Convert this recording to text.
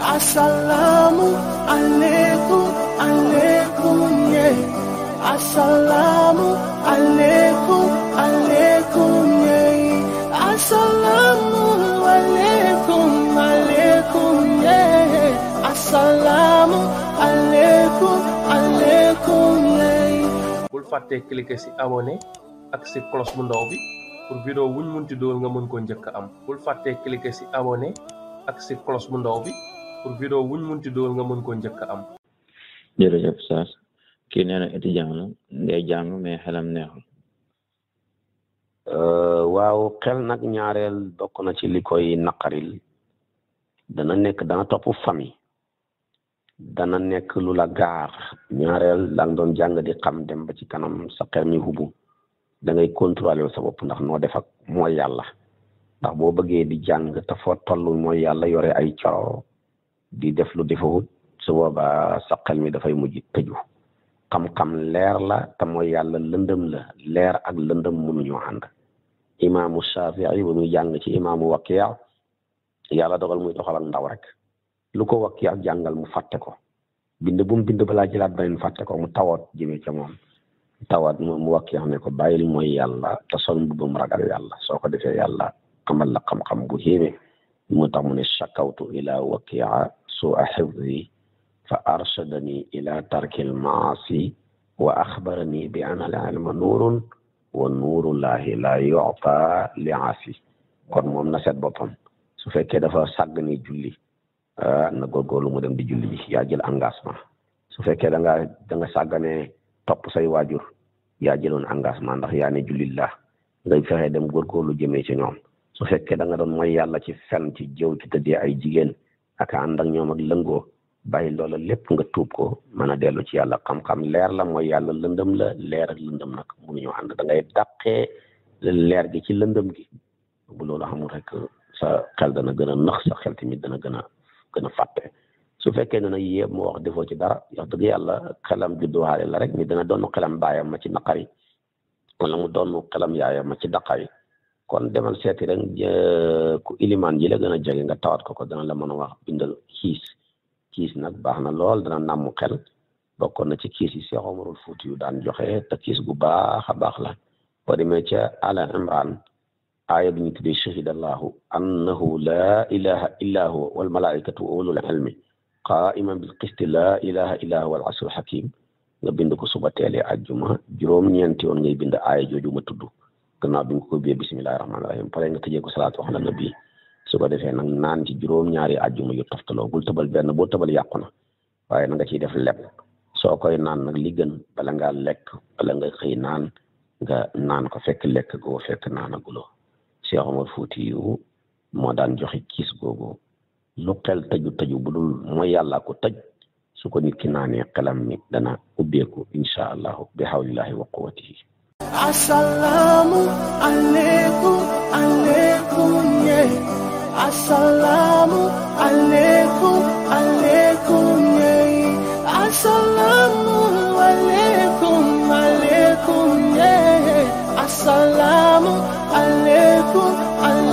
Assalamu alaikum, alaikum, ye. Assalamu alaikum, alaikum, ye. Assalamu alaikum, alaikum, ye. Assalamu alaikum, alaikum, yeah. Bul fàtte cliquer si abonné ak si cloche bu ndaw bi pour vidéo wuñ mën munti door nga mën ko ñëk am bul fàtte cliquer si abonné ak si cloche bu ndaw bi pour vidéo wuñ ti dool nga mën ko njëkk am jërëjëf saas kii nee na étudiant la ngay jàng mais xelam neexul euh, waaw xel nag ñaareel bokk na ci li koy naqaril dana nekk dana topp famille dana nekk lu la gaar ñaareel la nga doon jàng di xam dem ba ci kanam sa xel mi hubu da ngay contrôler sa bopp ndax noo def ak mooy yàlla ndax boo bëggee di jàng te foo toll mooy yàlla yore ay coro di def lu defawut su boobaa sa mi dafay mujj tëju xam-xam leer la te mooy yàlla lëndëm la leer ak lëndëm mënuñoo ànd imaamu Shafii ba muy jàng ci imaamu Wakiya yàlla dogal muy doxal ak ndaw rek lu ko Wakiya jàngal mu fàtte ko bind bu mu bind balaa jëlaat beneen fàtte ko mu tawaat jëmee ca moom tawaat mu Wakiya ne ko bàyyil mooy yàlla te sol mbubbam ragal yàlla soo ko defee yàlla xamal la xam-xam bu yéeme mu tax mu ne shakawtu ila Wakiya سوء حفظي فأرشدني إلى ترك المعاصي وأخبرني بأن العلم نور ونور الله لا يعطى لعاصي kon moom na seet boppam su fekkee dafa sàgg ni julli ah, na góorgóorlu mu dem di julli ji yaa jël engagement su fekkee da nga da sàggane topp say waajur yaa jëloon engagement ndax yani ne la ngay fexe dem góorgóorlu jëmee ci ñoom su fekkee da nga doon mooy yàlla ci fen ci jëw ci tëddee ay jigéen ak ànd ak ñoom ak lëngoo bàyyi loola lépp nga tuub ko mën a dellu ci yàlla xam-xam leer la mooy yàlla lëndëm la leer ak lëndëm nag mënuñoo ànd da ngay dàqee leer gi ci lëndëm gi bu loolu xamul rek sa xel dana gën a nax sa xel tamit dana gën a gën a su fekkee ne nag yépp moo wax defoo ci dara wax dëgg yàlla xelam judduwaale la rek ni dana doon xelam baayam ma ci naqari wala mu doon xelam yaayam ma ci daqari kon demal seeti rek euh, ku ilimaan ji la gën a jege nga tawat ko ko dana la mën a wax bindal kiis kiis nag baax na lool dana nàmm xel bokkoon na ci kiis yi Cheikh Omarul Fuuti yu joxe te kiis gu baax a baax la boo demee ca Ala Imran aaya bi ñu tuddee shahida allahu annahu laa ilaha illa huwa wal malaikatu wa ulul ilmi qaiman bil qisti laa ilaha illa huwa al asrul hakim nga bind ko suba teelee ajjuma juróom-ñeenti yoon ngay bind aaya jooju ma tudd gannaaw bi nga ko ubbee bisimilahi rahmaani rahim pare nga tëjee ko salaatu a nabi su ko defee nag naan ci juróom-ñaari àjjuma yu toftaloo gul tëbal benn boo tëbal yàqu na waaye na nga ciy def leb soo koy naan nag li gën bala lekk bala nga xëy naan nga naan ko fekk lekk goo fekk naan aguloo Cheikh Omar Fouti yu moo daan joxe kiis googu lu xel tëju tëju bu dul mooy yàlla ko tëj su ko nit ki naanee xelam mi dana ubbeeku incha allahu bi hawlillahi wa quwwatihi Assalamu alaikum, alaikum, yeah. Assalamu alaikum, alaikum, yeah. Assalamu alaikum, alaikum, yeah. Assalamu alaikum, alaikum.